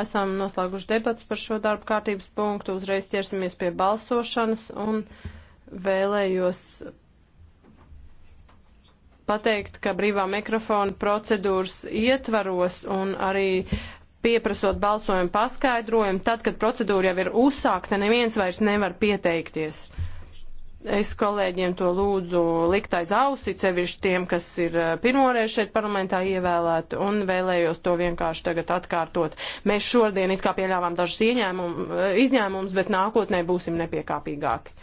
Esam noslēguši debats par šo darba kārtības punktu, uzreiz ķersimies pie balsošanas un vēlējos pateikt, ka brīvā mikrofona procedūras ietvaros un arī pieprasot balsojumu paskaidrojumu, tad, kad procedūra jau ir uzsākta, neviens vairs nevar pieteikties. Es kolēģiem to lūdzu likt aiz ausi, cevišķi tiem, kas ir pirmoreiz šeit parlamentā ievēlēti, un vēlējos to vienkārši tagad atkārtot. Mēs šodien it kā pieļāvām dažas izņēmumus, bet nākotnē būsim nepiekāpīgāki.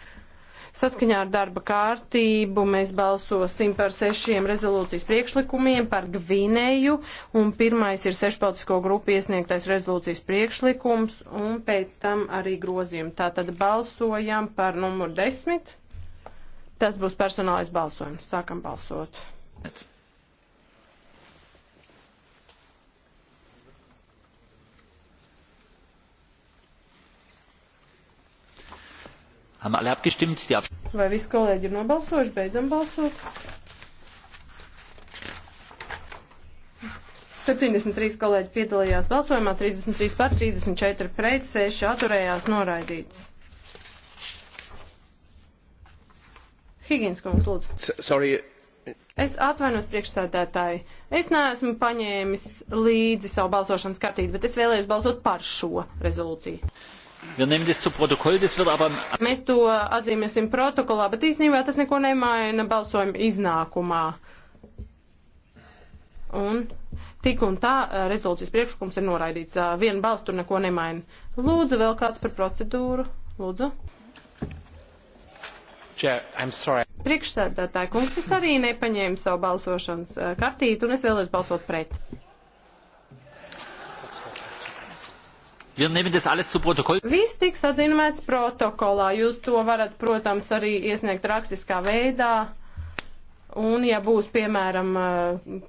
Saskaņā ar darba kārtību mēs balsosim par sešiem rezolūcijas priekšlikumiem par Gvinēju, un pirmais ir sešpaltisko grupu iesniegtais rezolūcijas priekšlikums, un pēc tam arī grozījumi. Tātad balsojam par numuru desmit. Tas būs personālais balsojums. Sākam balsot. Vai visi kolēģi ir nobalsojuši? Beidzam balsot. 73 kolēģi piedalījās balsojumā, 33 par, 34 pret, 6 atturējās noraidīts. Higgins kungs, lūdzu. S sorry. Es atvainojos priekšstādātāji. Es neesmu paņēmis līdzi savu balsošanas kartīti, bet es vēlējos balsot par šo rezolūciju. Mēs to atzīmēsim protokolā, bet īstenībā tas neko nemaina balsojuma iznākumā. Un tik un tā eh, rezolūcijas priekšlikums ir noraidīts. Vienu balstu neko nemaina. Lūdzu, vēl kāds par procedūru. Lūdzu. Priekšsēdētāji kungs, es arī nepaņēmu savu balsošanas eh, kartīti un es vēlēšu balsot pret. Viss tiks atzīmēts protokolā. Jūs to varat, protams, arī iesniegt rakstiskā veidā. Un, ja būs, piemēram,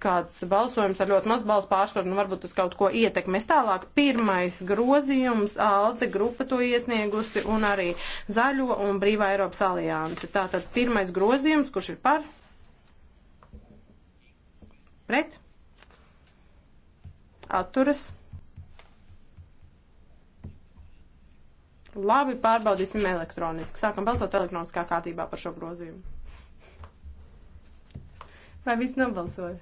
kāds balsojums ar ļoti maz balsu pārsvaru, nu varbūt tas kaut ko ietekmēs tālāk. Pirmais grozījums, ALDE grupa to iesniegusi un arī Zaļo un Brīvā Eiropas alianse. Tātad pirmais grozījums, kurš ir par? Pret? Atturas? Labi, pārbaudīsim elektroniski. Sākam balsot elektroniskā kārtībā par šo grozījumu. Vai viss nobalsoja?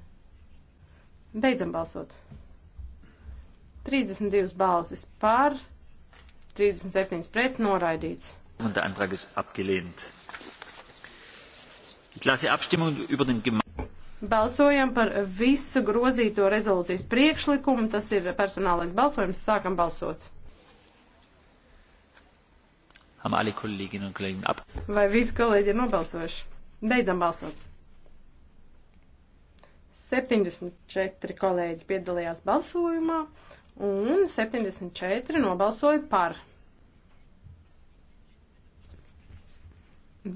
Beidzam balsot. 32 balsis par, 37 pret, noraidīts. Un der Antrag ist abgelehnt. Ich lasse Abstimmung über den Gem Balsojam par visu grozīto rezolūcijas priekšlikumu. Tas ir personālais balsojums. Sākam balsot. Haben alle Kolleginnen und Kollegen ab. Vai visi kolēģi ir nobalsojuši? Beidzam balsot. 74 kolēģi piedalījās balsojumā, un 74 nobalsoja par.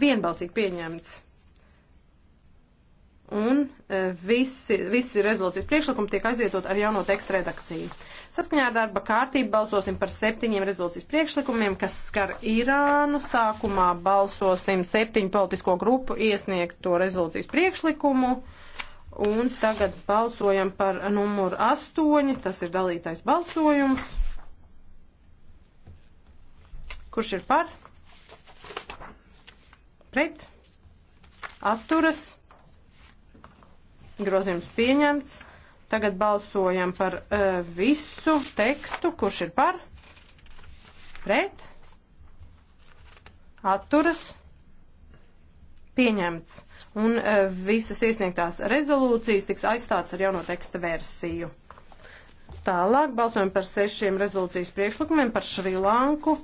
Vienbalsīgi pieņemts. Un e, visi, visi rezolūcijas priekšlikumi tiek aizvietot ar jauno tekstu redakciju. Saskaņā ar darba kārtību balsosim par septiņiem rezolūcijas priekšlikumiem, kas skar Irānu. Sākumā balsosim septiņu politisko grupu iesniegto rezolūcijas priekšlikumu. Uh, Un tagad balsojam par numuru 8, tas ir dalītais balsojums. Kurš ir par? Pret? Atturas? Grozījums pieņemts. Tagad balsojam par uh, visu tekstu. Kurš ir par? Pret? Atturas? Pieņemts un e, visas iesniegtās rezolūcijas tiks aizstāts ar jauno teksta versiju. Tālāk balsojam par sešiem rezolūcijas priekšlikumiem par Šrilanku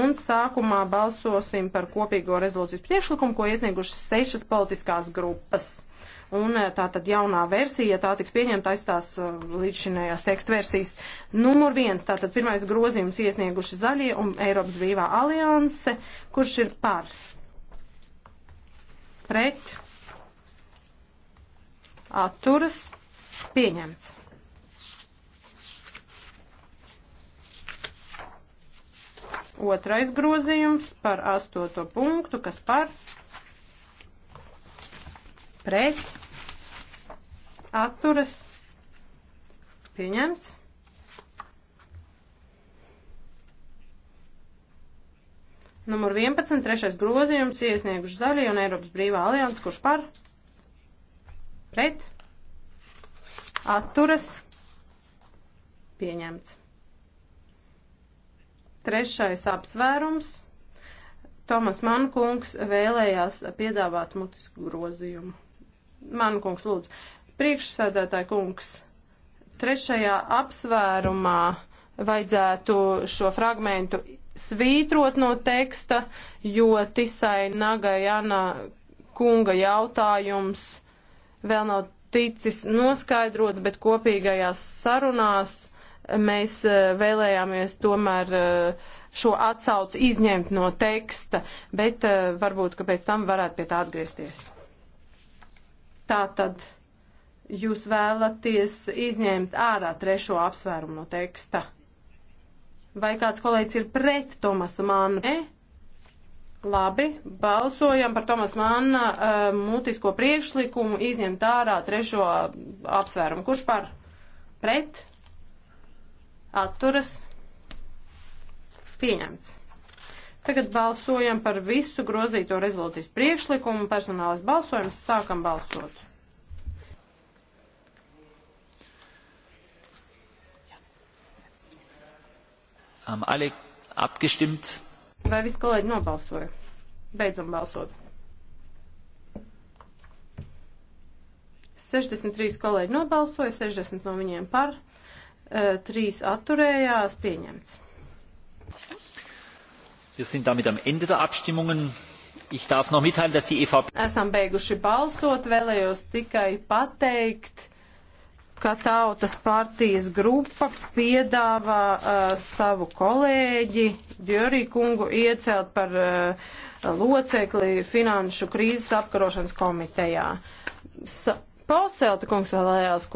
un sākumā balsosim par kopīgo rezolūcijas priekšlikumu, ko iesniegušas sešas politiskās grupas. Un e, tā tad jaunā versija, tā tiks pieņemta aizstās e, līdzšinējās tekstu versijas. Numur viens, tā tad pirmais grozījums iesnieguši zaļie un Eiropas brīvā alianse, kurš ir par. Pret atturas pieņemts. Otrais grozījums par astoto punktu, kas par pret atturas pieņemts. Numur 11, trešais grozījums iesnieguši zaļie un Eiropas brīvā alianses, kurš par pret pret, atturas, pieņemts. Trešais apsvērums. Tomas Mankungs vēlējās piedāvāt mutisku grozījumu. Mankungs, lūdzu, priekšsēdētāji kungs, trešajā apsvērumā vajadzētu šo fragmentu svītrot no teksta, jo Tisai Nagajana kunga jautājums uh, vēl nav ticis noskaidrots, bet kopīgajās sarunās mēs eh, vēlējāmies tomēr eh, šo atsauci izņemt no teksta, bet eh, varbūt, ka pēc tam varētu pie tā atgriezties. Tā tad jūs vēlaties izņemt ārā trešo apsvērumu no teksta. Vai kāds kolēģis ir pret Tomasa Mannu? Labi, balsojam par Tomas Manna uh, mutisko priekšlikumu izņemt ārā trešo apsvērumu. Kurš par? Pret? Atturas? Pieņemts. Tagad balsojam par visu grozīto rezolūcijas priekšlikumu. Personālais balsojums. Sākam balsot. Haben alle abgestimmt? Vai visi kolēģi nobalsoja? Beidzam balsot. 63 kolēģi nobalsoja, 60 no viņiem par, 3 eh, atturējās, pieņemts. Wir sind damit am Ende der Abstimmungen. Ich darf noch mitteilen, dass die EVP. Esam beiguši balsot, vēlējos tikai pateikt ka Tautas partijas grupa piedāvā uh, savu kolēģi Djurī kungu iecelt par uh, locekli Finanšu krīzes apkarošanas komitejā. Sa Pauselta kungs vēlējās,